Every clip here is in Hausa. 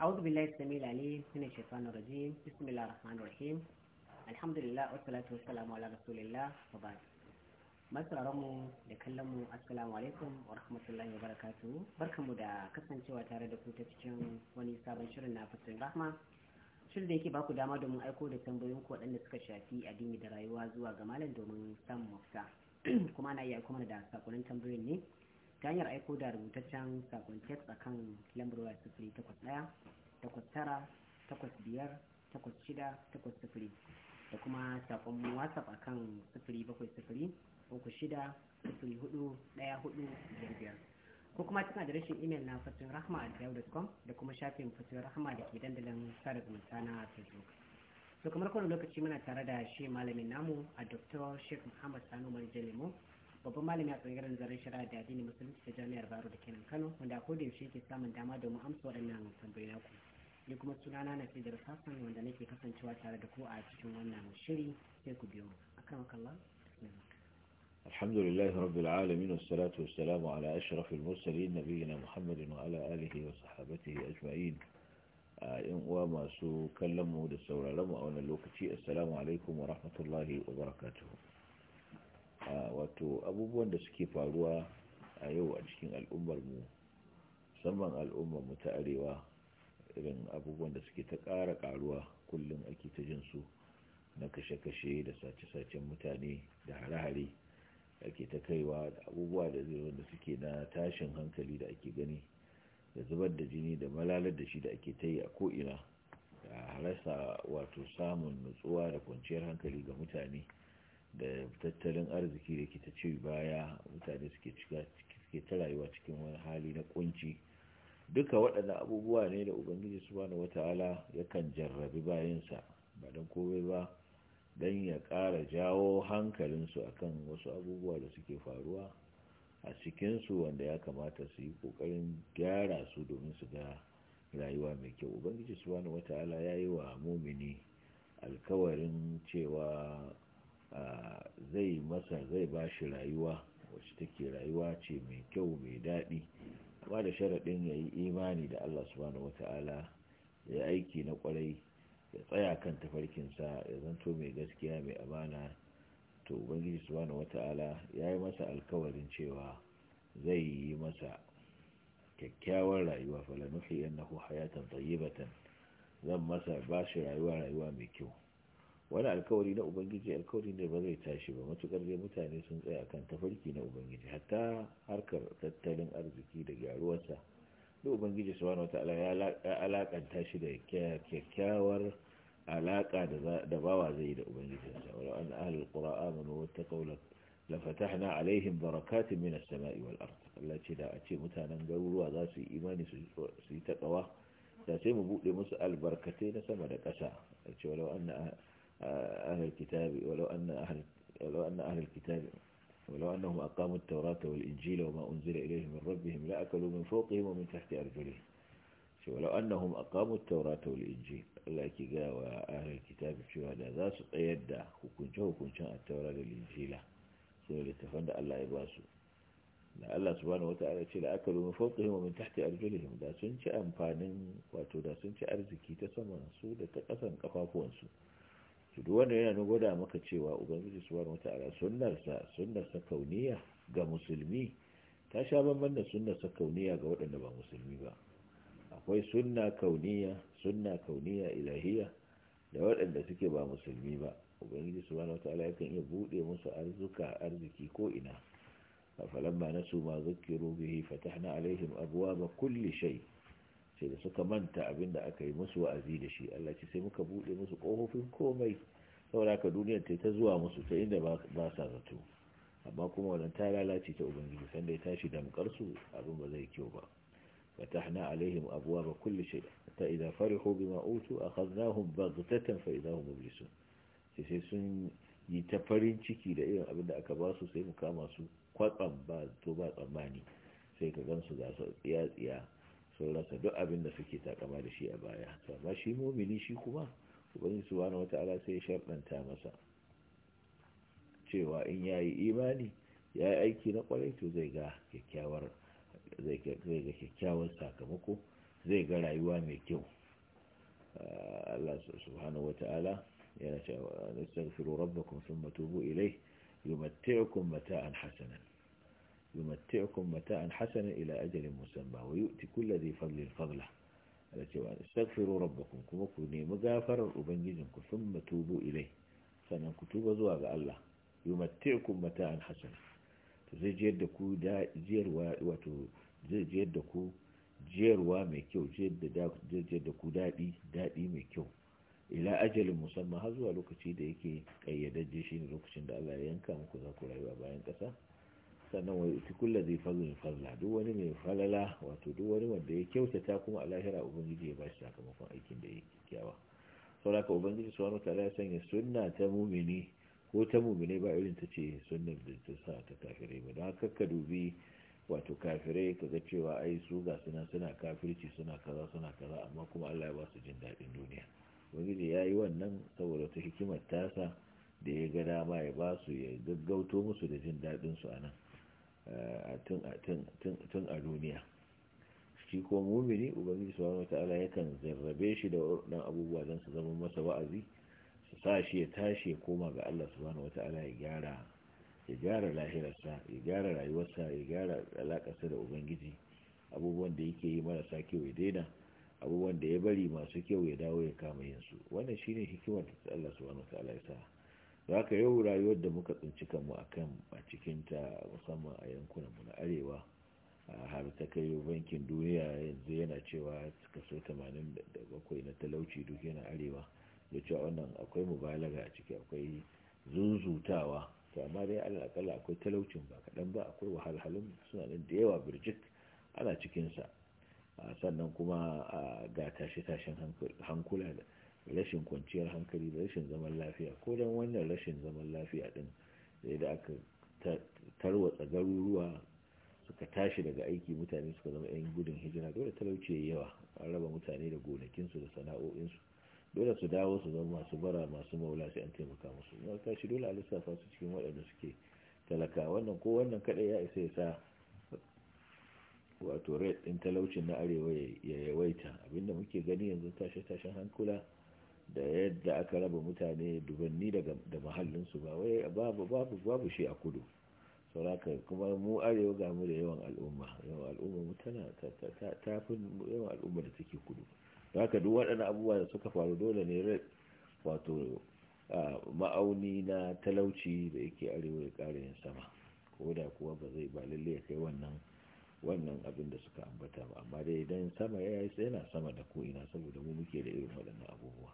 أعوذ بالله السميع العليم من الشيطان الرجيم da kallonmu assalamu alaikum wa rahmatullahi wa barakatu barkanmu da kasancewa tare da ku ta cikin wani sabon shirin na fasin rahma shirin da yake baku dama domin aiko da tambayoyin waɗanda suka shafi addini da rayuwa zuwa ga malam domin samun mafita kuma iya aiko mana da sakonin tambayoyin ne ta hanyar aiko da rubutaccen sakon text a kan lambar waya sufuri takwas ɗaya takwas tara takwas biyar takwas shida takwas sifiri da kuma sakon whatsapp a kan sifiri bakwai sufuri uku shida sufuri hudu ɗaya hudu biyar biyar ko kuma cikin adireshin imel na fatin rahma a yahoo.com da kuma shafin fatin rahma da ke dandalin sada zumunta na facebook to kamar kowane lokaci muna tare da shi malamin namu a dr sheikh muhammad sanu marjalemo babban malami a tsangaren zaren shari'a da addinin musulunci ta jami'ar baro da kenan kano wanda a koda yaushe yake samun dama domin amsa waɗannan tambayoyi naku ni kuma sunana na fidar sassan wanda nake kasancewa tare da ku a cikin wannan shiri sai ku biyo akan kallon الحمد لله رب العالمين والصلاة والسلام على أشرف المرسلين نبينا محمد وعلى آله وصحابته أجمعين إن وما سو كلمه دسورة لما أولا اللوكتي السلام عليكم ورحمة الله وبركاته wato abubuwan da suke faruwa a yau a cikin al'ummarmu musamman al'ummarmu ta arewa irin abubuwan da suke ta ƙara ƙaruwa kullum ake ta jin su na kashe-kashe da sace-sacen mutane da hare-hare ake ta kaiwa da abubuwa da da suke na tashin hankali da ake gani da zubar da jini da malalar da shi da ake ta yi a ko'ina da rasa wato samun nutsuwa da kwanciyar hankali ga mutane da tattalin arziki da ke ta ce baya mutane suke ta rayuwa cikin wani hali na kunci duka waɗanda abubuwa ne da ubangiji su subhanahu wata'ala kan jarrabi bayansa ba don kome ba don ya ƙara jawo hankalinsu a kan wasu abubuwa da suke faruwa a cikinsu wanda ya kamata su yi ƙoƙarin gyara su domin su ga rayuwa mai kyau ubangiji su subhanahu wata'ala ya yi wa mumini alkawarin cewa zai masa zai ba shi rayuwa wacce take rayuwa ce mai kyau mai daɗi amma da sharaɗin ya yi imani da Allah subhanahu wata'ala ya aiki na ƙwarai ya tsaya kan tafarkinsa ya zanto mai gaskiya mai amana to ubangiji subhanahu wata'ala ya yi masa alkawarin cewa zai yi masa kyakkyawar rayuwa falanuhi yannahu hayatan tayyibatan zan masa ba shi rayuwa rayuwa mai kyau wani alkawari na ubangiji alkawari ne ba zai tashi ba matukar dai mutane sun tsaya kan tafarki na ubangiji hatta harkar tattalin arziki da gyaruwarsa da ubangiji subhanahu wataala ya alakanta shi da kyakkyawar alaka da bawa zai da ubangijinsa wala an ahlul qura amanu wattaqaw la fatahna alaihim barakatin minas sama'i wal ard Allah ce da a ce mutanen garuruwa za su yi imani su yi ƙawa da sai mu buɗe musu albarkatai na sama da ƙasa a ce wani an أهل الكتاب ولو أن أهل ولو أن أهل الكتاب ولو أنهم أقاموا التوراة والإنجيل وما أنزل إليهم من ربهم لأكلوا من فوقهم ومن تحت أرجلهم ولو أنهم أقاموا التوراة والإنجيل لكي جاء أهل الكتاب الشهداء ذا سقيدا وكنجه كنشان التوراة والإنجيل سنة لتفند الله يباسو Allah subhanahu wata'ala ce da aka rumi fauƙihim wa min tahti arjulihim da sun ci amfanin wato da sun ci arziki ta saman su da ta ƙasan kafafuwansu to duk wanda yana gwada maka cewa ubangiji wani wataala sunnarsa sunarsa kauniya ga musulmi ta sha bamban da sunarsa kauniya ga waɗanda ba musulmi ba akwai sunna kauniya sunna kauniya ilahiya da waɗanda suke ba musulmi ba ubangiji wani wataala yakan iya buɗe musu arzuka arziki ko ina a falamma nasu ma zukkiru bihi fatahna alaihim ba kulli shai. sai da suka manta abin da aka yi musu wa'azi da shi Allah ce sai muka buɗe musu kofofin komai saboda ka duniyar ta ta zuwa musu ta inda ba sa zato amma kuma wannan ta lalace ta ubangiji sanda ya tashi da su abin ba zai kyau ba fatahna alaihim ba kulli shay ta idza farihu bima utu akhadnahum baghtatan fa idza hum mublisun sai sai sun yi ta farin ciki da irin abin da aka ba su sai mu kama su kwatsam ba to ba tsammani sai ka gansu ga su tsiya tsiya sun rasa duk abin da suke takama da shi a baya amma shi mumini shi kuma ubangiji subhanahu wata'ala sai ya sharɗanta masa cewa in yayi imani ya yi aiki na kwarai to zai ga kyakkyawar zai ga kyakkyawar sakamako zai ga rayuwa mai kyau ah, Allah subhanahu wata'ala yana cewa nastaghfiru rabbakum thumma tubu ilayhi yumatti'ukum mata'an hasanan yumatti'ukum mata'an hasanan ila ajalin musamma wa yu'ti kulli dhi fadlin fadla ala cewa astaghfiru rabbakum kuma ku nemi gafarar ubangijinku thumma tubu ilai sannan ku tuba zuwa ga Allah yumatti'ukum mata'an hasanan to zai jiyar da zai jiyar da ku jiyarwa mai kyau jiyar da ku daɗi daɗi mai kyau ila ajalin musamman har zuwa lokaci da yake ƙayyadajje shi ne lokacin da Allah ya yanka muku za ku a bayan ƙasa sannan wa ita kullu zai fadlin fazla duk wani mai falala wato duk wani wanda ya kyautata kuma a lahira ubangiji ya bashi sakamakon aikin da ya yi kyawa saboda ka ubangiji subhanahu wataala ya sanya sunna ta mumini ko ta mumini ba irin ta ce sunnar da ta sa ta kafirai ba don haka ka dubi wato kafirai ka ga cewa ai su ga suna suna kafirci suna kaza suna kaza amma kuma Allah ya ba su jin daɗin duniya ubangiji ya yi wannan saboda ta hikimar tasa da ya ga dama ya ba su ya gaggauto musu da jin daɗin su a nan tun a duniya shi ko mumini ubangiji subhanahu wataala yakan zarrabe shi da wadannan abubuwa don su zama masa wa'azi su sa shi ya tashi ya koma ga Allah subhanahu wataala ya gyara ya gyara lahirarsa ya gyara rayuwarsa ya gyara alakarsa da ubangiji abubuwan da yake yi marasa kyau ya daina abubuwan da ya bari masu kyau ya dawo ya kama yin su wannan shine hikimar da Allah wata ala ya sa za ka yau rayuwar da muka tsinci kanmu a kan a cikinta musamman a yankunan mu na arewa har ta kai bankin duniya yanzu yana cewa kaso 87 na talauci duk yana arewa da cewa wannan akwai mubalaga a ciki akwai zuzutawa to amma dai alakala akwai talaucin ba kaɗan ba akwai wahalhalun suna nan da yawa birjik ana cikinsa sannan kuma ga tashe-tashen hankula da rashin kwanciyar hankali da rashin zaman lafiya ko don wannan rashin zaman lafiya din sai da aka tarwatsa garuruwa suka tashi daga aiki mutane suka zama 'yan gudun hijira dole talauci ya yawa an raba mutane da gonakinsu da sana'o'insu dole su dawo su zama masu bara masu maula sai an taimaka musu in tashi dole a lissafa su cikin waɗanda suke talaka wannan ko wannan kaɗai ya isa ya sa wato red ɗin talaucin na arewa ya yawaita abinda muke gani yanzu tashe-tashen hankula da yadda aka raba mutane dubanni da mahallinsu ba wai babu shi a kudu sauraka kuma mu arewa ga mu da yawan al'umma yawan al'umma mutana ta fi yawan al'umma da take kudu haka duk waɗannan abubuwa da suka faru dole ne rai wato ma'auni na talauci da yake arewa ya ƙara yin sama ko da kuwa ba zai ba lalle ya kai wannan wannan abin da suka ambata ba amma dai idan sama ya yi yana sama da ko ina saboda mu muke da irin waɗannan abubuwa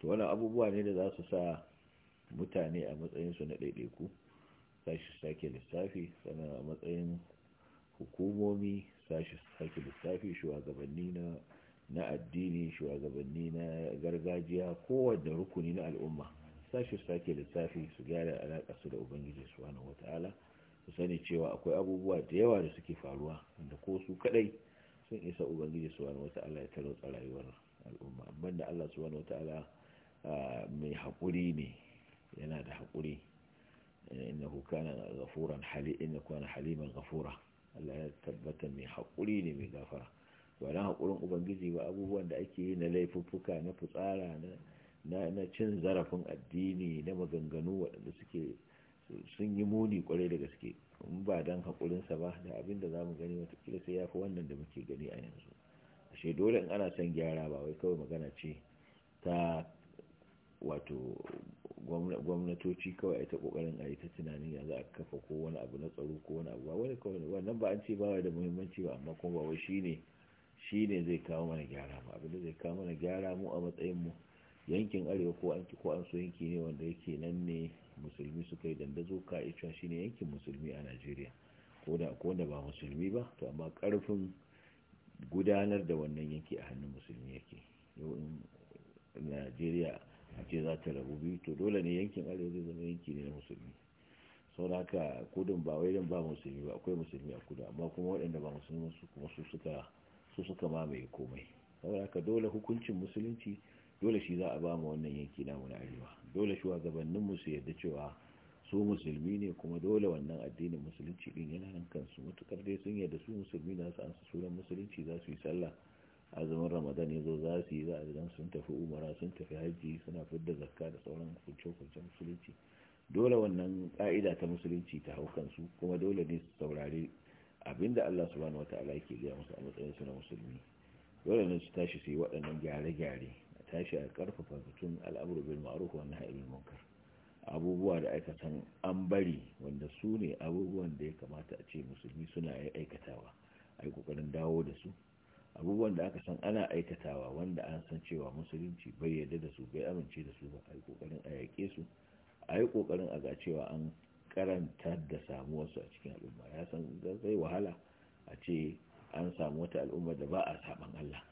to wani abubuwa ne da za su sa mutane a matsayin su na ɗaiɗaiku sashi sake lissafi sannan a matsayin hukumomi sashi sake lissafi shugabanni na addini shugabanni na gargajiya kowanne rukuni na al'umma sashi sake lissafi su gyara alaƙa su da ubangiji subhanahu wata'ala su sani cewa akwai abubuwa da yawa da suke faruwa wanda ko su kadai sun isa ubangiji subhanahu wata'ala ya talauta rayuwar al'umma amma da Allah subhanahu wata'ala mai haƙuri ne yana da haƙuri innahu kana ghafuran hali inna kana haliman ghafura Allah ya tabbata mai haƙuri ne mai gafara ba hakurin haƙurin ubangiji ba abubuwan da ake yi na laifuffuka na fitsara na cin zarafin addini na maganganu waɗanda suke sun yi muni kwarai da gaske in ba dan haƙurinsa ba da abin da zamu gani watakila sai ya fi wannan da muke gani a yanzu ashe dole in ana son gyara ba wai kawai magana ce ta wato gwamnatoci kawai ta kokarin a yi ta tunanin yanzu a kafa ko wani abu na tsaro ko wani abu ba wani kawai wannan ba an ce ba da muhimmanci ba amma kuma ba wai shi ne zai kawo mana gyara ma abin da zai kawo mana gyara mu a matsayin mu yankin arewa ko an ko an so yanki ne wanda yake nan ne musulmi suka yi dandazo ka ita ne yankin musulmi a Najeriya ko da ko da ba musulmi ba to amma karfin gudanar da wannan yanki a hannun musulmi yake yau in Najeriya a ce za ta rabu biyu to dole ne yankin arewa zai zama yanki ne na musulmi da haka kudin ba wai ba musulmi ba akwai musulmi a kudu amma kuma waɗanda ba musulmi su kuma su suka mamaye komai da haka dole hukuncin musulunci dole shi za a ba mu wannan yanki namu na arewa dole shugabannin mu su yarda cewa su musulmi ne kuma dole wannan addinin musulunci din yana nan kansu matukar dai sun yadda su musulmi na su an su sunan musulunci za su yi sallah azumin ramadan ya zo za su yi za a sun tafi umara sun tafi hajji suna fidda zakka da sauran kunce-kunce musulunci dole wannan ka'ida ta musulunci ta hau kansu kuma dole ne su saurari abinda Allah subhanahu ta'ala yake gaya musu a matsayin su na musulmi dole ne su tashi su yi waɗannan gyare-gyare a tashi a karfafa batun al'amuru bil ma'ruf wa nahy anil munkar abubuwa da aka san an bari wanda su ne abubuwan da ya kamata a ce musulmi suna aikatawa ai kokarin dawo da su abubuwan da aka san ana aikatawa wanda an san cewa musulunci bai yarda da su bai amince da su ba a yi kokarin a yaƙe su a yi kokarin a ga cewa an karanta da samuwarsu a cikin al'umma ya san zai wahala a ce an samu wata al'umma da ba a saban Allah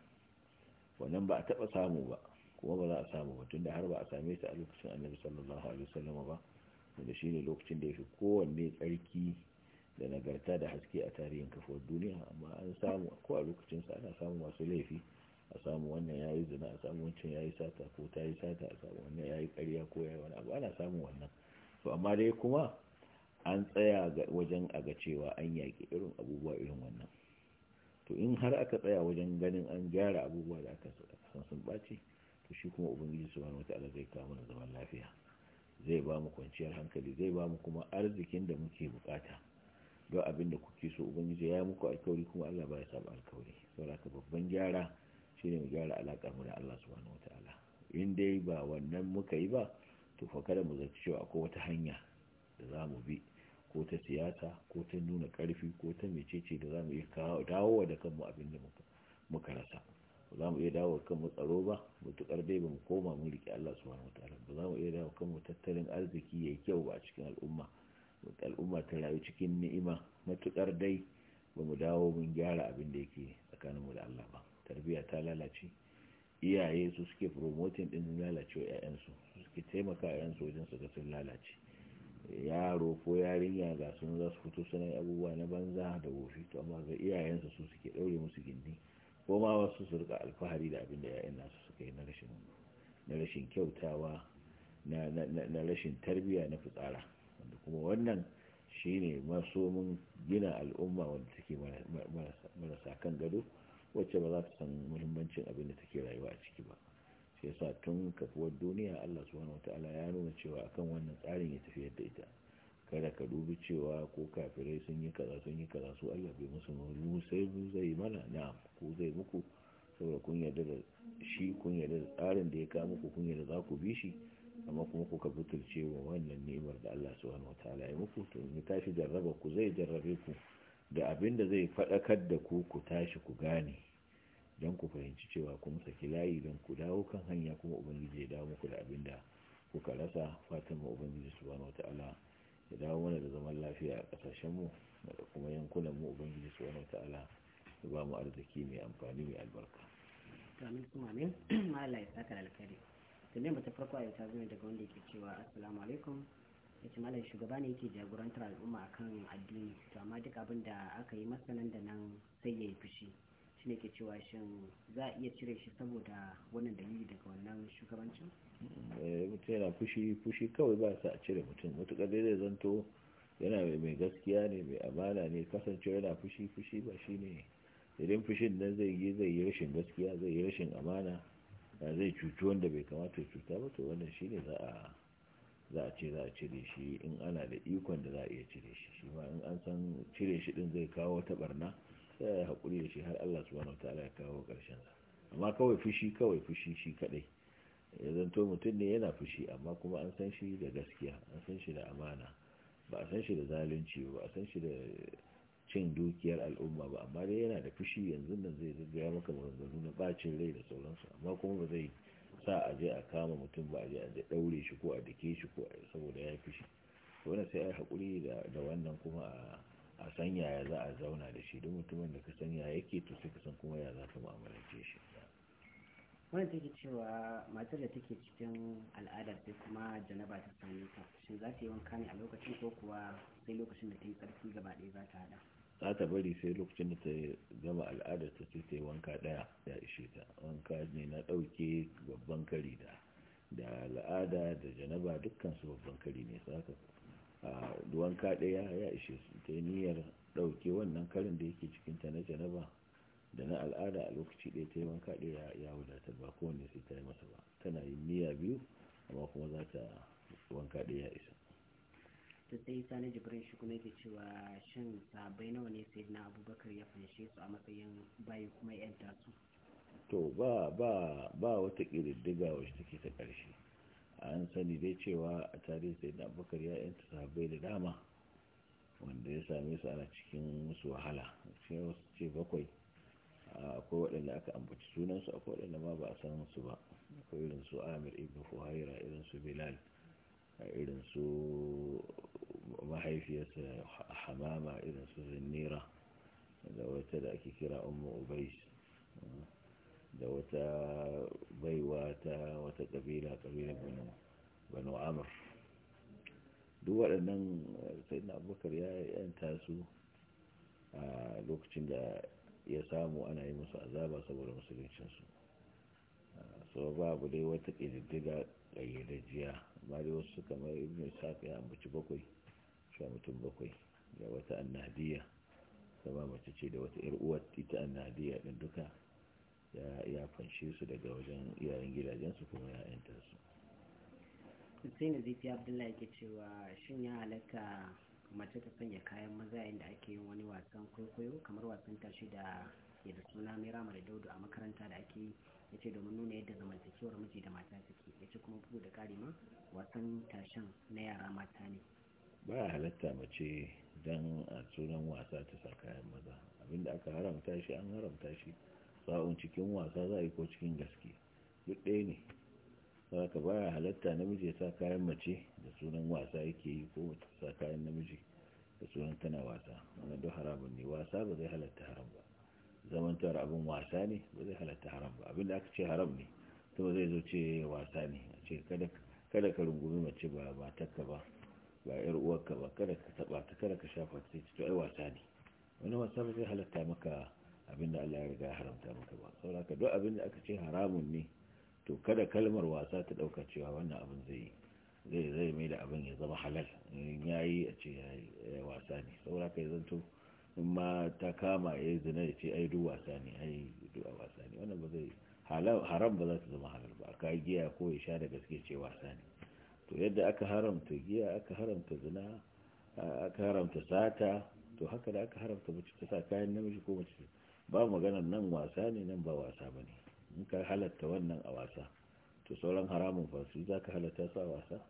wannan ba a taɓa samu ba kuma ba za a samu ba tunda har ba a same su a lokacin annabi sallallahu alaihi wasallam ba wanda shine lokacin da yake kowanne tsarki da nagarta da haske a tarihin kafuwar duniya amma an samu ko a lokacin ana samu masu laifi a samu wannan yayi zina a samu wancan yayi sata ko ta yi sata a samu wannan yayi ƙarya ko yayi wani abu ana samun wannan to amma dai kuma an tsaya wajen a ga cewa an yaƙi irin abubuwa irin wannan to in har aka tsaya wajen ganin an gyara abubuwa da aka san sun ɓaci to shi kuma ubangiji subhanahu wataala zai kawo mana zaman lafiya zai ba mu kwanciyar hankali zai ba mu kuma arzikin da muke bukata don abin da kuke so ubangiji ya muku alkawari kuma Allah ba ya saba alkawari saboda babban gyara shine mu gyara alakar mu da Allah subhanahu wataala in dai ba wannan muka yi ba to fa kada mu zaci cewa akwai wata hanya da za mu bi ko ta siyasa ko ta nuna ƙarfi ko ta mecece da za mu iya dawo da kanmu abin da muka rasa ba za mu iya dawo da kanmu tsaro ba mutuƙar dai ba mu koma mu riƙe Allah subhanahu wataala ba za mu iya dawo da kanmu tattalin arziki yayi kyau ba a cikin al'umma al'umma ta rayu cikin ni'ima matuƙar dai ba mu dawo mun gyara abin da yake tsakaninmu da Allah ba tarbiyya ta lalace iyaye su suke promoting din lalacewa ƴaƴansu su suke taimaka ƴaƴansu wajen su ga sun lalace yaro ko yarinya ga sun za su fito suna abubuwa na banza da wofi to amma ga iyayensu su suke daure musu gindi ko ma wasu su rika alfahari da abin da ƴaƴan nasu suka yi na rashin na rashin kyautawa na rashin tarbiyya na fitsara kuma wannan shine masomin gina al'umma wanda take marasa kan gado wacce ba za ta san muhimmancin abin da take rayuwa a ciki ba sai yasa tun kafuwar duniya Allah subhanahu wataala ya nuna cewa akan wannan tsarin ya tafiyar da ita kada ka dubi cewa ko kafirai sun yi kaza sun yi kaza su Allah bai musu mu sai mu zai mana na ko zai muku saboda kun yarda da shi kun yarda da tsarin da ya kawo muku kun yarda za ku bi shi amma kuma kuka butulce wa wannan ni'imar da Allah subhanahu wataala ya muku to in tashi jarraba ku zai jarrabe ku da abin da zai faɗakar da ku ku tashi ku gane don ku fahimci cewa kun saki layi don ku dawo kan hanya kuma ubangiji ya dawo muku da abin da kuka rasa fatan mu ubangiji subhanahu wataala ya dawo mana da zaman lafiya a kasashen mu da kuma yankunan mu ubangiji subhanahu wataala ya ba mu arziki mai amfani mai albarka amin kuma amin Allah ya saka alkhairi tambayar ta farko a ta zo daga wanda ke cewa assalamu alaikum ya ce malam shugaba ne yake jagorantar al'umma akan addini to amma duk abin da aka yi masa nan da nan sai ya yi fushi shi ne ke cewa shin za a iya cire shi saboda wannan dalili daga wannan shugabancin eh, mutum yana fushi fushi kawai ba sa a cire mutum mutuƙar daidai zanto yana mai gaskiya ne mai amana ne kasance yana fushi fushi ba shi ne idan fushin nan zai yi zai yi rashin gaskiya zai yi rashin amana zai cuci wanda bai kamata ya cuta ba to wannan shine za za a ce za a cire shi in ana da ikon da za a iya cire shi shi ma in an san cire shi din zai kawo wata barna sai ya haƙuri da shi har Allah subhanahu ta'ala ya kawo ƙarshen sa amma kawai fushi kawai fushi shi kadai ya zanto mutum ne yana fushi amma kuma an san shi da gaskiya an san shi da amana ba a san shi da zalunci ba a san shi da cin dukiyar al'umma ba amma dai yana da fushi yanzu nan zai zaggaya maka maganganu na bacin rai da sauransu amma kuma ba zai sa a je a kama mutum ba a je a je daure shi ko a dake shi ko saboda ya fushi wannan sai a haƙuri da wannan kuma a san yaya za a zauna da shi don mutumin da ka san yaya yake to sai ka san kuma ya za ka mu'amalance shi wani take cewa matar da take cikin al'adar sai kuma janaba ta same ta shin za ta yi wanka ne a lokacin ko kuwa sai lokacin da ta yi tsarki gaba ɗaya za ta haɗa za ta bari sai lokacin da ta gama al'adar ta sai ta yi wanka daya ya ishe ta wanka ne na ɗauke babban kari da da al'ada da janaba dukkan su babban kari ne saka a wanka daya ya ishe su ta niyyar ɗauke wannan karin da yake cikin ta na janaba da na al'ada a lokaci ɗaya ta yi wanka ɗaya ya wadata ba kowane sai ta yi masa ba tana yin niyya biyu amma kuma za ta wanka ɗaya isa sai sai sani jibrin shi kuma yake cewa shin sabai nawa ne sai na abubakar ya fanshe su a matsayin bayi kuma yan tasu to ba ba ba wata kiriddiga wacce take ta ƙarshe an sani dai cewa a tarihi sai na abubakar ya yanta sabai da dama wanda ya same su ana cikin su wahala cikin wasu ce bakwai akwai waɗanda aka ambaci sunansu akwai waɗanda ma ba a san su ba akwai irin su amir ibn fuhaira irin su bilal a irin su mahaifiyarsa hamama irin su zinnira da wata da ake kira umma ubais da wata baiwa ta wata kabila kabila banu amr duk waɗannan sai na abubakar ya yanta su a lokacin da ya samu ana yi musu azaba saboda musuluncinsu so babu dai wata ƙididdiga jiya. amma wasu kamar ibn ishaq ya ambaci bakwai a mutum bakwai da wata annadiya sama mace ce da wata yar'uwa ita annahdiya din duka ya fanshe su daga wajen iyayen gidajensu kuma ya yanta su. Abdullahi ke cewa shin ya halatta mace ta sanya kayan maza yayin da ake yin wani wasan kwaikwayo kamar wasan tashi da ke da suna mera da daudu a makaranta da ake yi ya ce domin nuna yadda zamantakewar miji da mata suke ya ce kuma bugu da kari ma wasan tashen na yara mata ne ba halatta mace don a sunan wasa ta sa kayan maza abinda aka haramta shi an haramta shi sa'un cikin wasa za a yi ko cikin gaske duk ɗaya ne ba baya halatta namiji ya sa kayan mace da sunan wasa yake yi ko ta sa kayan namiji da sunan tana wasa wannan duk haramun ne wasa ba zai halatta haram ba zamantar abin wasa ne ba zai halatta haram ba abin da aka ce haram ne to ba zai zo ce wasa ne a ce kada kada ka rungumi mace ba matarka ba ba yar uwarka ba kada ka taba ta kada ka shafa ta ce to ai wasa ne wani wasa ba zai halatta maka abin da Allah ya riga haramta maka ba saboda duk abinda da aka ce haramun ne to kada kalmar wasa ta ɗauka cewa wannan abin zai zai zai mai da abin ya zama halal in ya yi a ce ya wasa ne saboda ka yi zanto in ma ta kama ya yi zina ya ce ai duk wasa ne ai duk wasa ne wannan ba zai haram ba za ta zama halal ba ka giya ko ya sha da gaske ce wasa ne to yadda aka haramta giya aka haramta zina aka haramta sata to haka da aka haramta mace ta sa kayan namiji ko mace ba maganar nan wasa ne nan ba wasa ba ne in ka halatta wannan a wasa to sauran haramun fasu za ka halatta su a wasa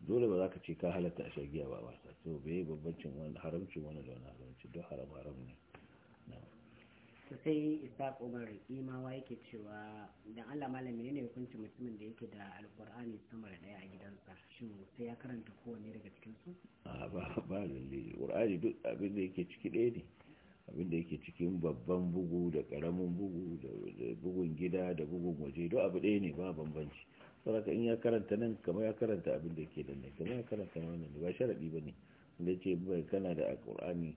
dole ba za ka ce ka halatta a shagiya ba a wasa to bai babbancin haramcin wani da wani haramci don haram haram ne to sai isa umar imawa yake cewa idan allah malami ne hukuncin mutumin da yake da alkur'ani sama da daya a gidansa shin sai ya karanta kowane daga cikinsu a ba ba lalle kur'ani duk abin da yake ciki ɗaya ne abinda yake cikin babban bugu da karamin bugu da bugun gida da bugun waje duk abu ɗaya ne ba bambanci saboda in ya karanta nan kamar ya karanta abin da yake da nan kamar ya karanta wannan ba sharadi ba ne da ce bai kana da alƙur'ani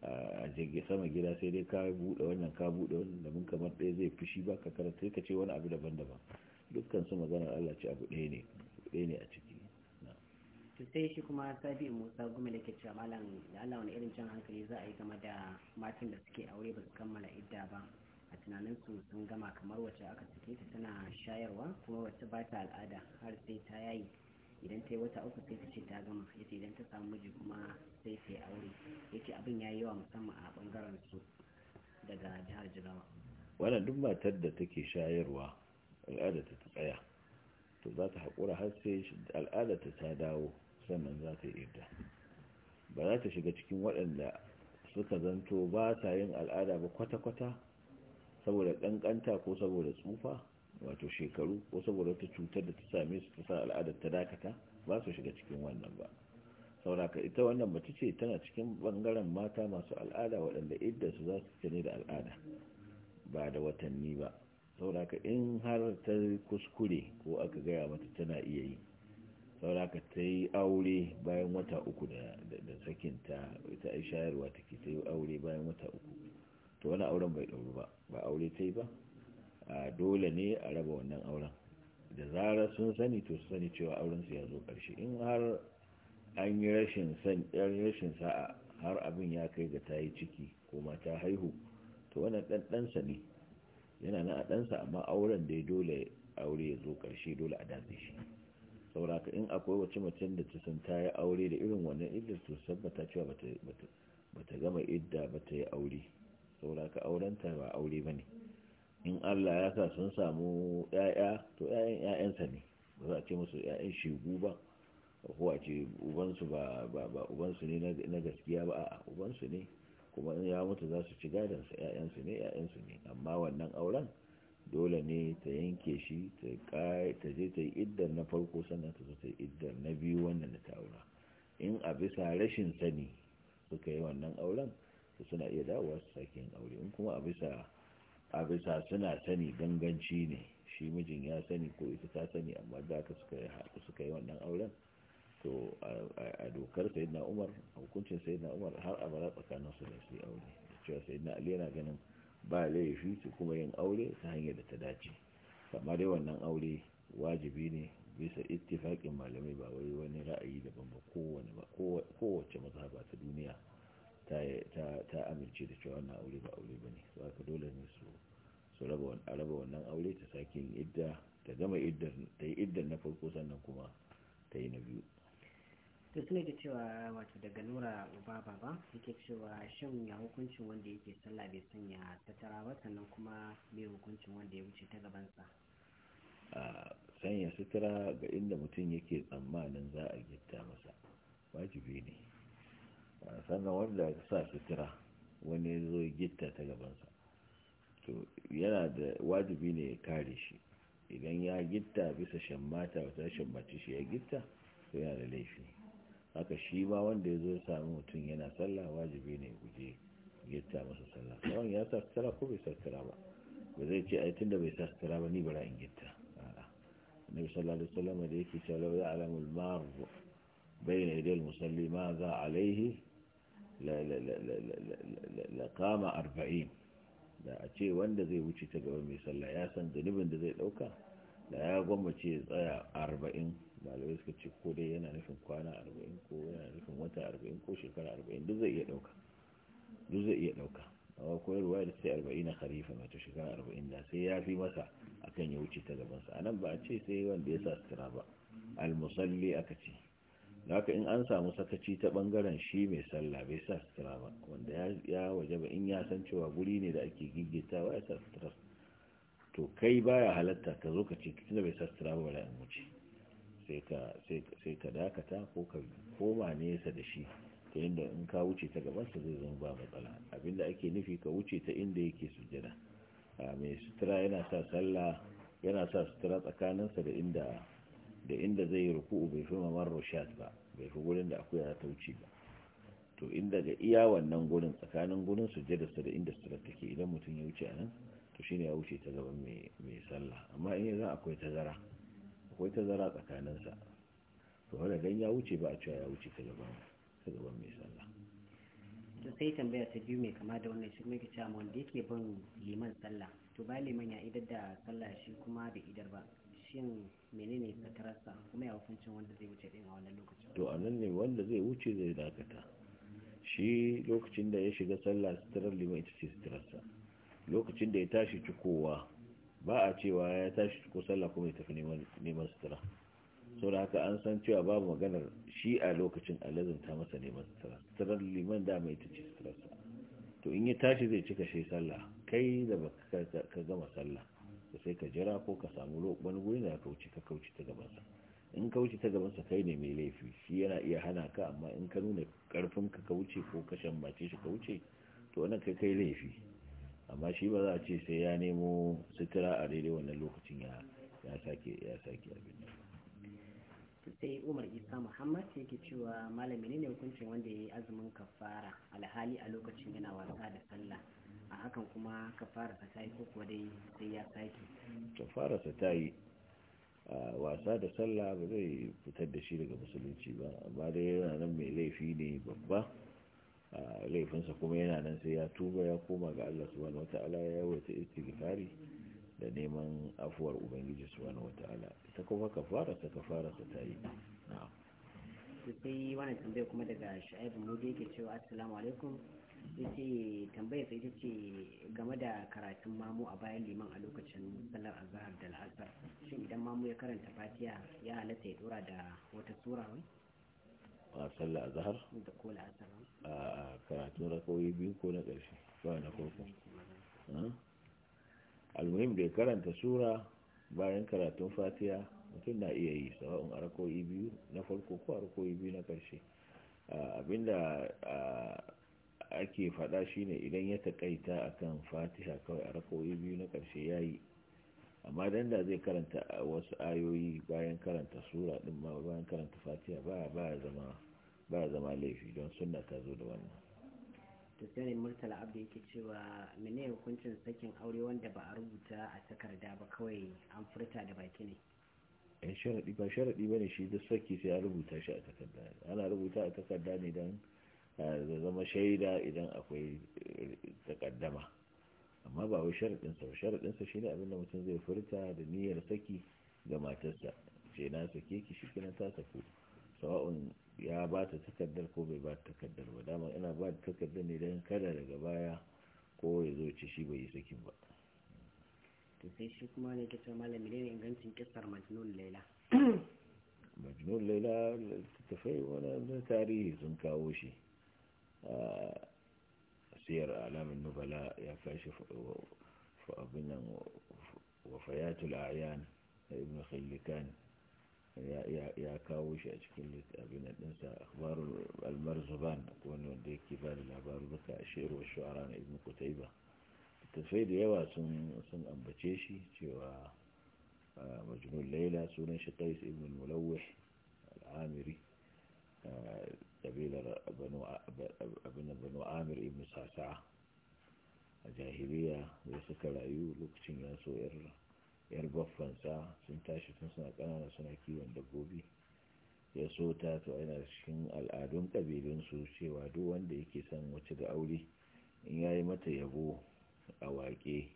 a jirgin sama gida sai dai ka buɗe wannan ka buɗe wannan da mun kamar ɗaya zai fushi ba ka karanta sai ka ce wani abu daban-daban dukkan su maganar Allah ce abu ɗaya ne ɗaya ne a ciki to sai shi kuma sabi musa gumi da ke cewa malam da allah wani irin jan hankali za a yi game da matan da suke aure ba su kammala idda ba a tunanin su sun gama kamar wacce aka suke ta tana shayarwa kuma wacce ba ta al'ada har sai ta yayi idan ta yi wata uku sai ta ce ta gama ya ce idan ta samu miji kuma sai ta yi aure ya ce abin ya yi yawa musamman a bangaren su daga jihar jigawa wannan duk matar da take shayarwa al'ada ta tsaya to za ta haƙura har sai al'ada ta dawo sannan za ta yi idda ba za ta shiga cikin waɗanda suka zanto ba ta yin al'ada ba kwata-kwata saboda ɗanƙanta ko saboda tsufa wato shekaru ko saboda wata cutar da ta same su ta sa al'adar ta dakata ba su shiga cikin wannan ba sauraka ita wannan mace ce tana cikin bangaren mata masu al'ada waɗanda idda su za su ne da al'ada ba da watanni ba sauraka in har ta kuskure ko aka gaya mata tana iya yi ka ta yi aure bayan wata uku da sakinta ta yi shayarwa take ta yi aure bayan wata uku to wani auren bai ɗauru ba ba aure ta yi ba a dole ne a raba wannan auren da zarar sun sani to su sani cewa aurensu ya zo ƙarshe in har an yi rashin sa'a har abin ya kai ga ta yi ciki ko ta haihu to wannan ɗansa ne yana nan a ɗansa amma auren dai dole aure ya zo ƙarshe dole a dace shi sauraka in akwai wace mace da ta san ta yi aure da irin wannan iddar to sabbata cewa bata gama idda ba ta yi aure sauraka aurenta ba aure ba ne in allah ya sa sun samu ya'ya to ya'yan ya'yansa ne ba za a ce musu ya'yan shegu ba ko a ce ubansu ba ubansu ne na gaskiya ba a ubansu ne kuma in ya mutu za su ci gadansa ya'yansu ne ya'yansu ne amma wannan auren dole ne ta yanke shi ta je ta yi iddar na farko sannan ta zo ta yi iddar na biyu wannan da ta aura in a bisa rashin sani suka yi wannan auren su suna iya dawowa su sake yin aure in kuma a bisa a suna sani ganganci ne shi mijin ya sani ko ita ta sani amma da ka suka yi wannan auren to a dokar sayyidina umar hukuncin sayyidina umar har abara tsakanin su da su aure da cewa sayyidina ali yana ganin ba laifi su kuma yin aure ta hanyar da ta dace amma dai wannan aure wajibi ne bisa ittifaƙin malamai ba wai wani ra'ayi daban ba kowace mazhaba ta duniya ta amince da cewa wannan aure ba aure ba ne ba ka dole ne su raba wannan aure ta sake idda ta gama iddar ta yi iddar na farko sannan kuma ta yi na biyu to suna da cewa wato daga nura uba baba yake cewa shan ya hukuncin wanda yake sallah bai sanya satara ba sannan kuma mai hukuncin wanda ya wuce ta gabansa a sanya sutura ga inda mutum yake tsammanin za a gitta masa wajibi ne sannan wanda ya sa sutura wani ya zo gitta ta gabansa to yana da wajibi ne ya kare shi idan ya gitta bisa shammata wata shammaci shi ya gitta to yana da laifi haka shi ma wanda ya zo ya sami mutum yana sallah wajibi ne guje gitta masa sallah kawai ya sastara ko bai sastara ba ba zai ce aitin da bai sastara ba ni bara in gitta annabi sallallahu alaihi wasallam da yake cewa law ya'lamu al-mar bayna yaday musalli ma za alaihi la la la la da a ce wanda zai wuce ta gaban mai sallah ya san zanibin da zai dauka da ya gwammace tsaya arba'in malamai suka ce ko dai yana nufin kwana arba'in ko yana nufin wata arba'in ko shekara arba'in duk zai iya ɗauka duk zai iya dauka amma yarwa da sai arba'in na kharifa wato shekara arba'in da sai ya fi masa akan ya wuce ta gabansa a nan ba a ce sai wanda ya sa sutura ba almusalli aka ce haka in an samu sakaci ta bangaren shi mai sallah bai sa sutura ba wanda ya waje ba in ya san cewa guri ne da ake giggitawa ya sa sutura to kai baya halatta ka zo ka ce tunda bai sa sutura ba wala in wuce sai ka dakata ko ka koma nesa da shi ta yadda in ka wuce ta gabansa zai zama ba matsala abinda ake nufi ka wuce ta inda yake sujjada mai sutura yana sa sallah yana sa sutura tsakaninsa da inda da inda zai bai fi mamar roshat ba bai fi gudun da akwai ta wuce ba to inda ga iya wannan gudun tsakanin gudun gurin sa da inda sutura take idan mutum ya wuce a nan to shine ya wuce ta gaban mai sallah amma in za akwai tazara akwai tazara tsakaninsa to wanda dan ya wuce ba a cewa ya wuce ta gaban ta mai sallah to sai tambaya ta biyu mai kama da wannan shi mai ke cewa wanda yake bin liman sallah to ba liman ya idar da sallah shi kuma da idar ba shin menene sakararsa kuma ya hukuncin wanda zai wuce din a wannan lokacin to a nan ne wanda zai wuce zai dakata shi lokacin da ya shiga sallah sitirar liman ita ce sitirarsa lokacin da ya tashi cikowa ba a cewa ya tashi ko sallah kuma ya tafi neman sutura sau da haka an san cewa babu maganar shi a lokacin ta masa neman sutura suturar liman dama ita ce suturarsa to in ya tashi zai cika shi sallah kai da ba ka gama sallah da sai ka jira ko ka samu wani guri da kauci ka kauci ta gabansa in kauci ta gabansa kai ne mai laifi shi yana iya hana ka amma in ka nuna karfin ka kauce ko ka shambace shi kauce to wannan kai kai laifi amma shi ba za a ce sai ya nemo sutura a daidai wannan lokacin ya sake ya sake abin sai umar isa muhammad ya ke cewa malami ne hukuncin wanda ya yi azumin kafara alhali a lokacin yana wasa da sallah a hakan kuma kafararsa ta yi ko kuwa dai sai ya sake kafararsa ta yi wasa da sallah ba zai fitar da shi daga musulunci ba amma dai yana nan mai laifi ne babba laifinsa kuma yana nan sai ya tuba ya koma ga Allah subhanahu wata'ala ya wata istighfari da neman afuwar ubangiji subhanahu wata'ala ita kuma kafara ta kafara ta tayi na'am sai wannan tambaya kuma daga Shu'aib Mudi yake cewa assalamu alaikum yace tambayar sai tace game da karatun mamu a bayan liman a lokacin sallar azhar da al'asr shin idan mamu ya karanta fatiha ya halatta ya dora da wata sura a sallar da a karatun rakoyi biyu ko na ƙarshe ba na farko ah? almuhim da karanta sura bayan karatun fatiha mutum na iya yi sawa'un a rakowi biyu na farko ko a rakowi biyu na ƙarshe ah, abinda ah, ake faɗa shine idan ya taƙaita akan fatiha kawai a rakowi biyu na ƙarshe ya yi amma dan da zai karanta wasu ayoyi bayan karanta sura din ma bayan karanta fatiha ba ba zama ba zama laifi don sunna ta zo da wannan to sai murtala abdi yake cewa mene hukuncin sakin aure wanda ba a rubuta a takarda ba kawai an furta da baki ne in eh, sharaɗi ba sharadi bane shi duk saki sai a rubuta shi a takarda ana rubuta a takarda ne dan eh, zama shaida idan akwai eh, takaddama amma ba wai sharaɗinsa ba sharaɗinsa shine abin da mutum zai furta da niyyar saki ga matarsa ce na sake ki shi kenan ta sako sawa'un ya ba ta takardar ko bai ba ta takardar ba dama ina ba ta takardar ne don kada daga baya ko ya zo ce shi bai yi sakin ba to sai shi kuma ne ta malami ne ingancin kisar majnun laila majnun laila tafai wani tarihi sun kawo shi ah, siyar alamin nubala ya kashi abin nan wafayatul ayan na ibn khillikan ya kawo shi a cikin abin ɗinsa akhbarul almarzuban wani wanda yake ba da labaru duka a shu'ara na ibn kutaiba tafai da yawa sun ambace shi cewa majnun laila sunan shi qais ibn mulawih al'amiri kabilar abin banu amir ibn sasa a jahiliya da suka rayu lokacin ya so yar baffansa sun tashi sun suna ƙanana suna kiwon dabbobi ya so ta to yana cikin al'adun su cewa duk wanda yake son wace da aure in ya yi mata yabo a waƙe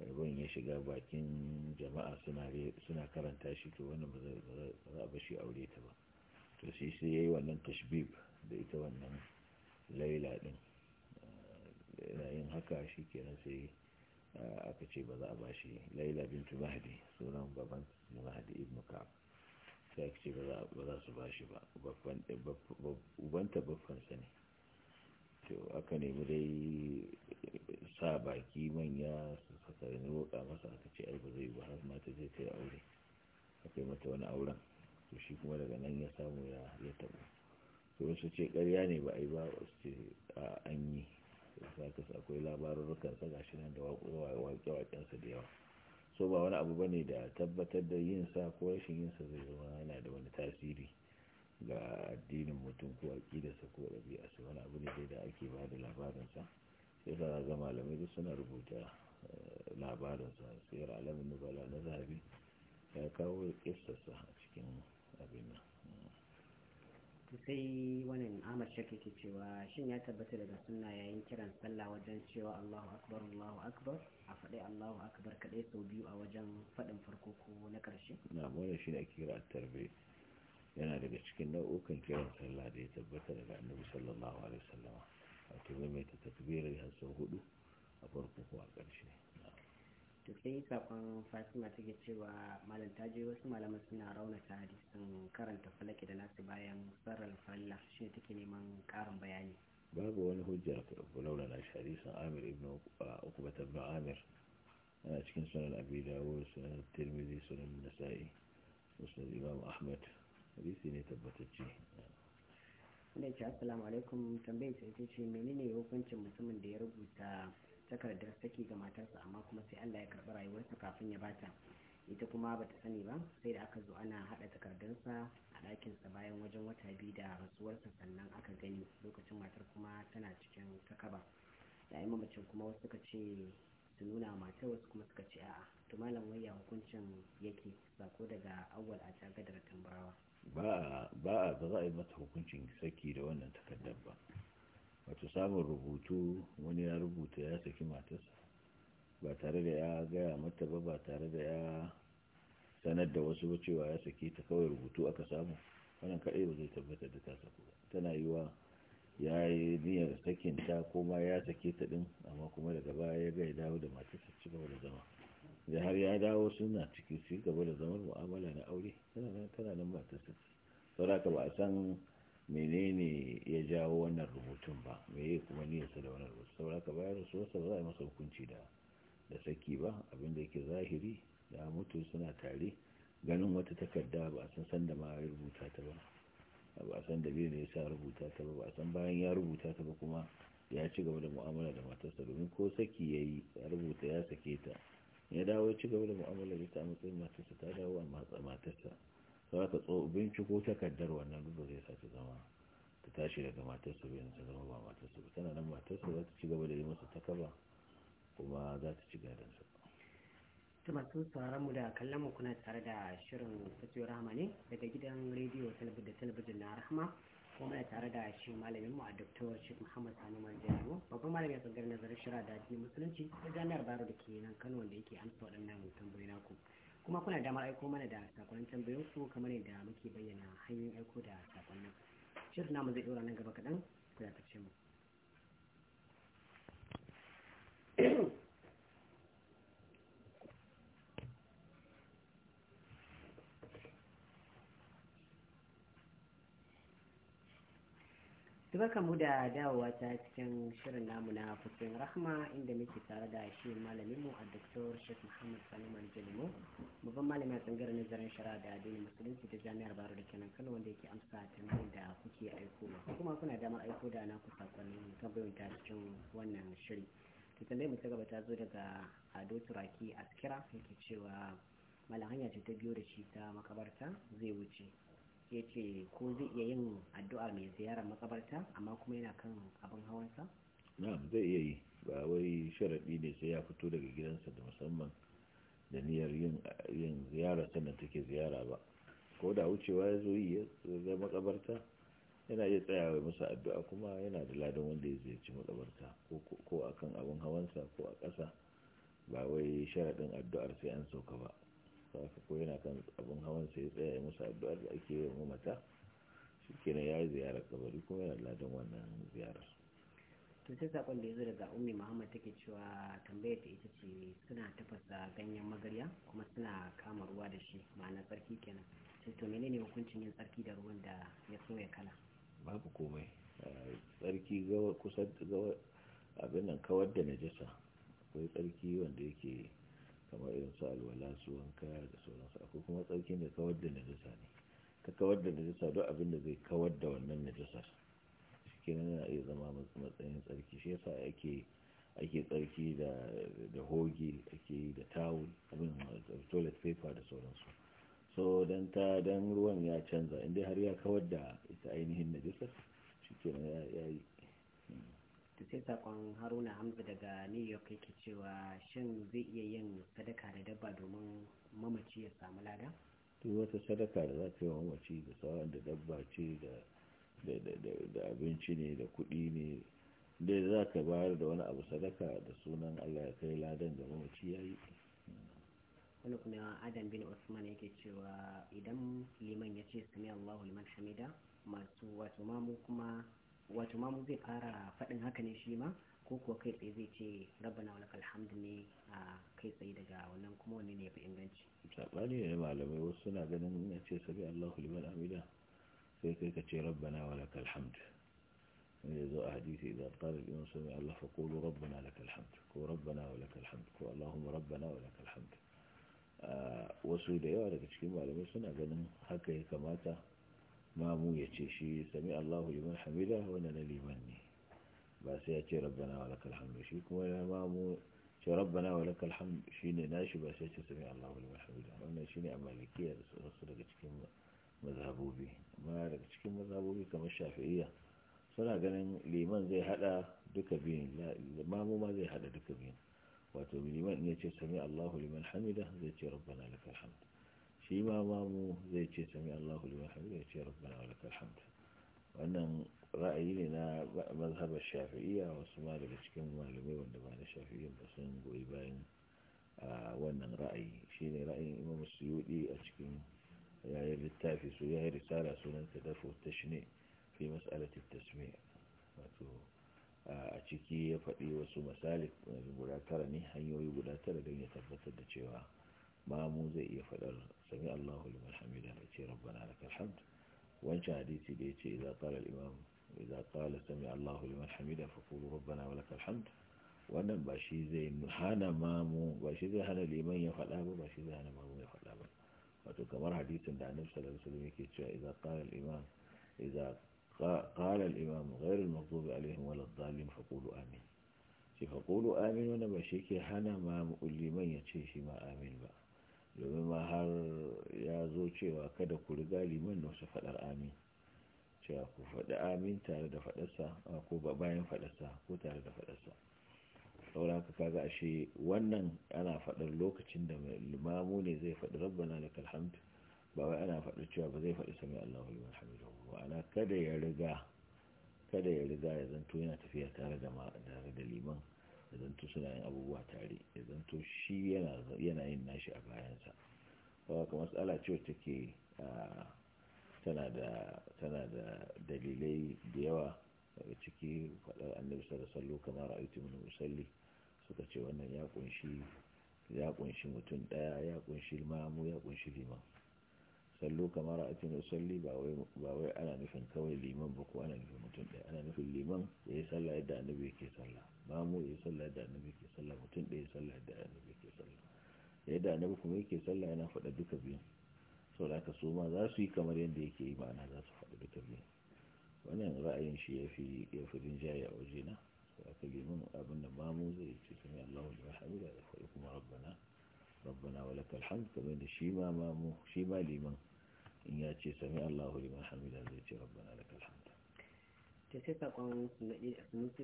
yabon ya shiga bakin jama'a suna karanta shi to wannan ba za a bashi aure ta ba to shi sai ya yi wannan tashbib da ita wannan laila din yana yin haka shi kenan sai aka ce ba za a shi laila bintu mahdi sunan baban mahdi ibn ka'ab sai aka ce ba za su bashi ba eh, ubanta babbansa ne to aka nemi dai sa baki manya su saka roƙa masa aka ce ai ba zai ba har mata zai kai aure aka yi mata wani auren to shi kuma daga nan ya samu ya taɓa to ce ƙarya ne ba a yi ba wasu ce an yi sakas akwai labarurrukan sa gashi nan da waƙe-waƙensa da yawa so ba wani abu bane da tabbatar da yin sa ko rashin yin sa zai zama yana da wani tasiri ga addinin mutum ko sa ko sai wani abu ne da ake ba da labarinsa sai sa ga malamai duk suna rubuta eh, labarin labarinsa sai alamin nubala na zahabi ya kawo ƙistarsa a cikin abin to sai wannan Ahmad Shaki cewa shin ya tabbata daga sunna yayin kiran sallah wajen cewa Allahu akbar Allahu akbar a faɗi Allahu akbar kadai sau biyu a wajen faɗin farko ko na ƙarshe na shi da kira tarbe yana daga cikin nau'ukan kiran sallah da ya tabbata daga Annabi sallallahu alaihi wasallam mai ta har sau hudu a farko ko a ƙarshe to sai sakon fatima take cewa malam ta je wasu malaman suna raunata hadisin karanta falaki da nasu bayan tsarar falla shi ne take neman karin bayani babu wani hujja ku laurana na hadisin amir ibn ukubata ibn amir yana cikin sunan abida wa sunan tirmidhi sunan nasa'i sunan imam ahmad hadisi ne tabbatacce wanda ce assalamu alaikum tambayar sai ce menene hukuncin mutumin da ya rubuta takardar saki ga matarsa amma kuma sai Allah ya karɓi rayuwarsa kafin ya bata ita kuma bata sani ba sai da aka zo ana haɗa takardunsa a ɗakinsa bayan wajen wata biyu da rasuwarsa sannan aka gani lokacin matar kuma tana cikin takaba da mamacin kuma wasu suka ce su nuna matar wasu kuma suka ce a'a to malam wayya hukuncin yake sako daga awwal a tagadar tambarawa ba ba za a yi mata hukuncin saki da wannan takardar ba wato samun rubutu wani ya rubuta ya saki matarsa ba tare da ya gaya mata ba ba tare da ya sanar da wasu ba cewa ya saki ta kawai rubutu aka samu wannan kaɗai ba zai tabbata da ta saku ba tana yi wa ya yi niyyar sakin ta ko ma ya sake ta ɗin amma kuma daga baya ya gaya ya dawo da matarsa ci gaba da zama da har ya dawo suna ciki ci gaba da zaman mu'amala na aure tana nan matarsa saboda ka ba a san menene ya jawo wannan rubutun ba me meye kuma yasa da wannan rubutun saboda ka bayar su wasa ba za a masa hukunci da da saki ba abin da yake zahiri da mutu suna tare ganin wata takarda ba a san san da ma rubuta ta ba ba san da ya sa rubuta ta ba ba san bayan ya rubuta ta ba kuma ya ci gaba da mu'amala da matarsa domin ko saki ya yi ya rubuta ya sake ta ya dawo ya ci gaba da mu'amala da ta matsayin matarsa ta dawo a matarsa za ka tso binciko takardar wannan duk da zai sa su zama ta tashi daga matarsa bai ta zama ba matarsa ba tana nan matarsa za ta ci gaba da yi masa kaba kuma za ta ci gadansa ta masu sauraron mu da kallon mu kuna tare da shirin fasiyo rahama ne daga gidan rediyo da talabijin na rahma kuma muna tare da shi malamin mu a doktor shi muhammad sani manjaro babban malamin ya tsangar nazarin shira da musulunci da jami'ar baro da ke nan kano da yake amsa waɗannan tambayoyi naku kuma kuna damar aiko mana da sakonnin tambayoyin ku kamar yadda muke bayyana hanyoyin aiko da sakonnin shirin namu zai dora nan gaba kaɗan ku da mu ki baka mu da dawowa ta cikin shirin namu na fuskin rahma inda muke tare da shi malaminmu a doktor shek muhammad salman jalimu babban malami a tsangar nazarin shara da addinin musulunci ta jami'ar baro da kenan kano wanda yake amsa tambayin da kuke aiko kuma kuna damar aiko da na kusa kwanne tambayoyin ta cikin wannan shiri to tambayar mu ta gaba ta zo daga ado turaki askira yake cewa malam hanya ce ta biyo da shi ta makabarta zai wuce ya ce ko zai iya yin addu'a mai ziyara makabarta amma kuma yana kan abin hawansa? na zai iya yi ba wai sharaɗi ne sai ya fito daga gidansa da musamman da niyyar yin ziyara sannan take ziyara ba ko da wucewa ya zo yi ya zai makabarta yana iya tsayawa masa addu'a kuma yana da ladan wanda ya ziyarci makabarta ko akan abin hawansa ko a ƙasa ba wai sharaɗin addu'ar sai an sauka ba haka ko yana kan abin hawan sai ya tsaya masa musu addu'ar da ake yi mata shi kenan ya yi ziyarar kabari kuma yana ladan wannan ziyarar to sai sakon da ya zo daga ummi muhammad take cewa tambayar ta ita ce suna tafasa ganyen magarya kuma suna kama ruwa da shi ma'ana tsarki kenan sai to menene hukuncin yin tsarki da ruwan da ya so ya kala babu komai eh, tsarki gawa kusa gawa abin nan kawar da najasa akwai tsarki wanda yake kamar irin su alwala su wanka da sauransu akwai kuma tsarkin da kawar da najasa ne ka kawar da najasa don abin da zai kawar da wannan najasa kenan yana iya zama matsayin tsarki shi yasa ake ake tsarki da da hoge ake da tawul abin toilet paper da sauransu so dan ta dan ruwan ya canza inda har ya kawar da ita ainihin najasa shi kenan ya yi sai sakon haruna hamza daga new york yake cewa shin zai iya yin sadaka da dabba domin mamaci ya samu lada to wata sadaka da za ka yi mamaci da sauran da dabba ce da abinci ne da kuɗi ne da za ka bayar da wani abu sadaka da sunan allah ya kai ladan da mamaci ya yi wani kuma adam bin usman yake cewa idan liman ya ce sami allahu liman hamida masu wato mamu kuma wato mu zai fara faɗin haka ne shi ma ko kuwa kai tsaye zai ce rabbana wa lakal hamdu ne a kai tsaye daga wannan kuma wani ne fi inganci sabani ne malamai wasu suna ganin ina ce sabi allahu liman amida sai kai ka ce rabbana wa lakal hamdu ya zo a hadisi idan qala al-imam sami allah fa qulu rabbana lakal hamdu ko rabbana wa lakal hamdu ko allahumma rabbana wa lakal hamdu wasu da yawa daga cikin malamai suna ganin haka ya kamata mamu ya ce shi sami allahu liman hamida wani na liman ne ba sai ya ce rabbana wa lakal hamdu shi kuma ya mamu ce rabbana wa lakal hamdu shi ne nashi ba sai ya ce sami allahu liman hamida wannan shi ne a malikiya da wasu daga cikin mazhabobi amma daga cikin mazhabobi kamar shafi'iyya suna ganin liman zai hada duka biyun mamu ma zai hada duka biyun wato liman ya ce sami allahu liman hamida zai ce rabbana lakal hamdu shi ma mamu zai ce sami Allahu liman hamdu ya ce rabbana wa lakal hamd wannan ra'ayi ne na mazhabar shafi'iyya wasu ma daga cikin malamai wanda ba na shafi'iyya ba sun goyi bayan wannan ra'ayi shine ra'ayin Imam Suyuti a cikin yayin littafi su yayin risala sunanta dafu tashni fi mas'alati tasmiya wato a ciki ya faɗi wasu misali guda tara ne hanyoyi guda tara don ya tabbatar da cewa mamu zai iya faɗar sami Allahu liman hamida da ce rabbana lakal hamd wancan hadisi da yace idza qala al-imam idza qala sami Allahu liman hamida fa qulu rabbana lakal hamd wannan ba shi zai hana mamu ba shi zai hana liman ya faɗa ba ba shi zai hana mamu ya faɗa ba wato kamar hadisin da annabi sallallahu alaihi wasallam yake cewa idan qala al-imam idza qala al-imam ghayr al-maghdubi alaihim wal dhalin fa qulu amin shi fa qulu amin wannan ba shi ke hana mamu liman ya ce shi ma amin ba domin ma har ya zo cewa kada ku riga liman na wasu faɗar amin cewa ku faɗi amin tare da faɗarsa ko ba bayan faɗarsa ko tare da faɗarsa saura ka kaga ashe wannan ana faɗar lokacin da limamu ne zai faɗi rabbana da hamd ba wai ana faɗar cewa ba zai faɗi sami Allahu liman hamidahu ma'ana kada ya riga ya zanto yana tafiya tare da liman ya zanto suna yin abubuwa tare ya zanto shi yana yin nashi a bayansa kuma ka matsala ce wata ke tana da dalilai da yawa daga ciki faɗar annabi sallo kamar aiki min musalli suka ce wannan ya kunshi ya kunshi mutum daya ya kunshi mamu ya kunshi liman sallo kamar a cikin usalli ba wai ana nufin kawai liman ba ko ana nufin mutum ɗaya ana nufin liman ya yi sallah yadda annabi yake sallah mamu ya yi sallah yadda annabi yake sallah mutum ɗaya ya yi sallah yadda annabi yake sallah yadda annabi kuma yake sallah yana faɗa duka biyu sau da aka so ma za su yi kamar yadda yake yi ma'ana za su faɗa duka biyu wannan ra'ayin shi ya fi ya fi rinjaye a wajena sau aka liman abin da mamu zai ce ne allahu liman hamida da faɗi kuma rabbana rabbana wa lakal hamd kamar da shi ma mamu shi ma liman in ya ce sami Allahu liman hamida zai ce rabbana lakal hamd to sai sakon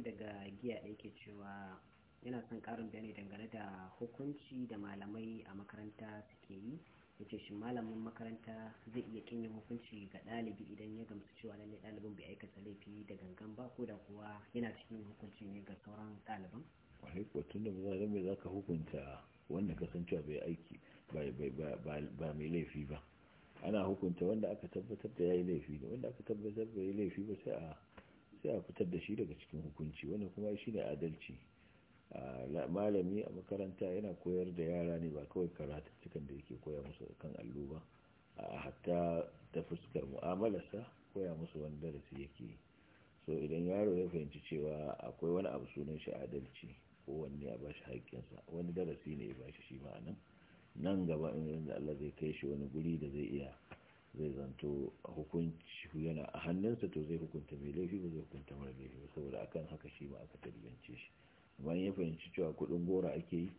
daga giya da yake cewa yana son karin bayani dangane da hukunci da malamai a makaranta suke yi yace shi malamin makaranta zai iya kin hukunci ga ɗalibi idan ya gamsu cewa lallai ɗalibin bai aikata laifi da gangan ba ko da kuwa yana cikin hukunci ne ga sauran ɗaliban wahai ko tun da ba za ka hukunta wanda kasancewa bai aiki ba mai laifi ba ana hukunta wanda aka tabbatar da ya yi laifi ne wanda aka tabbatar da ya yi laifi ba sai a fitar da shi daga cikin hukunci wanda kuma shi ne adalci malami a makaranta yana koyar da yara ne ba kawai karatun da yake koya musu kan allo ba a hatta ta fuskar mu'amalarsa koya musu wani darasi yake so idan yaro ya fahimci cewa akwai wani abu sunan shi adalci ko wanne a bashi haƙƙinsa wani darasi ne ya bashi shi ma'anan nan gaba in Allah zai kai shi wani guri da zai iya zai zanto hukunci yana a hannunsa to zai hukunta mai laifi ba zai hukunta mara laifi ba saboda akan haka shi ma aka tarbiyance shi bayan ya fahimci cewa kudin gora ake yi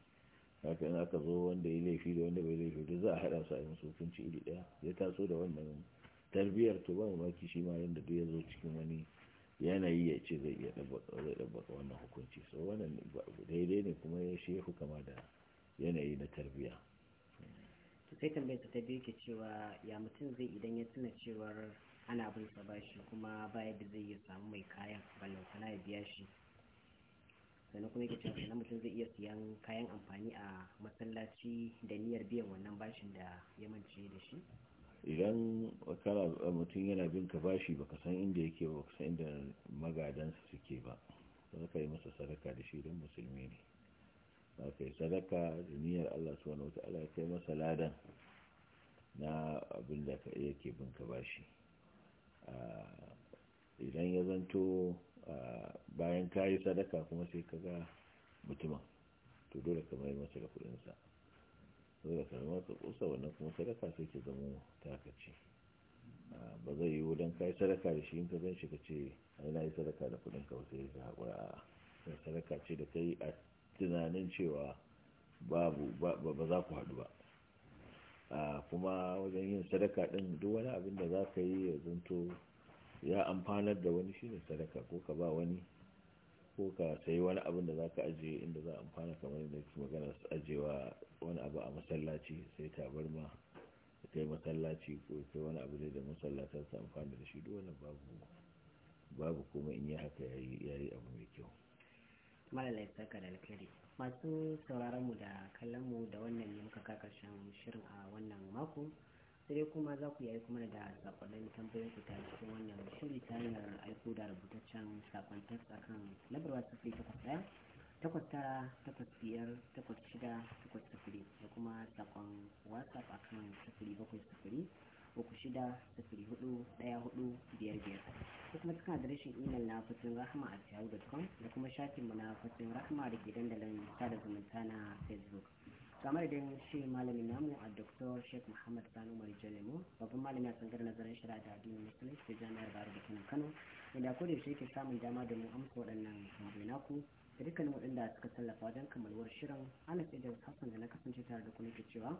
haka in aka zo wanda ya laifi da wanda bai laifi da za a haɗa su a yi hukunci iri ɗaya ya taso da wannan tarbiyar to ba mamaki shi ma yadda duk ya zo cikin wani yanayi ya ce zai iya ɗabbaka wannan hukunci so wannan daidai ne kuma ya shehu kama da yanayi na tarbiyya sai tambayarsa ta biyu ke cewa ya mutum zai idan ya tuna cewar ana bin sa bashi kuma ba yadda zai iya samu mai kayan sana ya biya shi sannan kuma yake cewa sannan mutum zai iya siyan kayan amfani a masallaci da niyyar biyan wannan bashin da ya mance da shi idan mutum yana bin ka bashi baka san inda yake ba san inda magadansa suke ba za ka yi masa sadaka da shi don musulmi ne ba yi sadaka da niyyar Allah wani wata'ala ya kai masa ladan na abin da ka ke bin ka bashi idan ya zanto bayan ka yi sadaka kuma sai ka ga mutumin to dole ka mai masa da kudinsa dole ka mai masa kusa wannan kuma sadaka sai ta zama takaci ba zai yi wudan ka yi sadaka da shi ka zan shi ka ce ainihin sadaka da kudin ka wasu ya haƙura a sadaka ce da ka yi a tunanin cewa babu ba za ku haɗu ba kuma wajen yin sadaka ɗin duk wani abin da za ka yi ya zanto ya amfanar da wani shi ne sadaka ko ka ba wani ko ka sayi wani abin da za ka ajiye inda za a amfana kamar yadda ke magana su ajiyewa wani abu a masallaci sai ma da kai masallaci ko kai wani abu da masallata su amfana da shi duk wani babu babu kuma in yi haka yayi yayi abu mai kyau malalai da alkhairi masu sauraron mu da kallon mu da wannan ne muka shirin a wannan mako sai kuma za ku yi kuma da sakonnin tambayoyin ku ta cikin wannan shiri ta hanyar aiko da rubutaccen sakon text akan lambar wasu fi takwas ɗaya takwas tara takwas biyar takwas shida takwas sufuri da kuma sakon whatsapp akan sufuri bakwai sufuri. uku shida sifiri hudu daya hudu biyar biyar ko kuma cikin adireshin imel na fatin rahama a yahoo.com da kuma shafinmu na fatin rahama da ke dandalin sada zumunta na facebook kamar da shi malamin namu a dr sheikh muhammad sanu marijalemo babban malami a tsangar nazarin shirya da addinin musulunci da jami'ar bayar da kano kano inda ko da yake samun dama da mu amsa waɗannan tambayoyi naku da dukkanin waɗanda suka tallafa wajen kammaluwar shirin ana sai da hassan da na kasance tare da ku nake cewa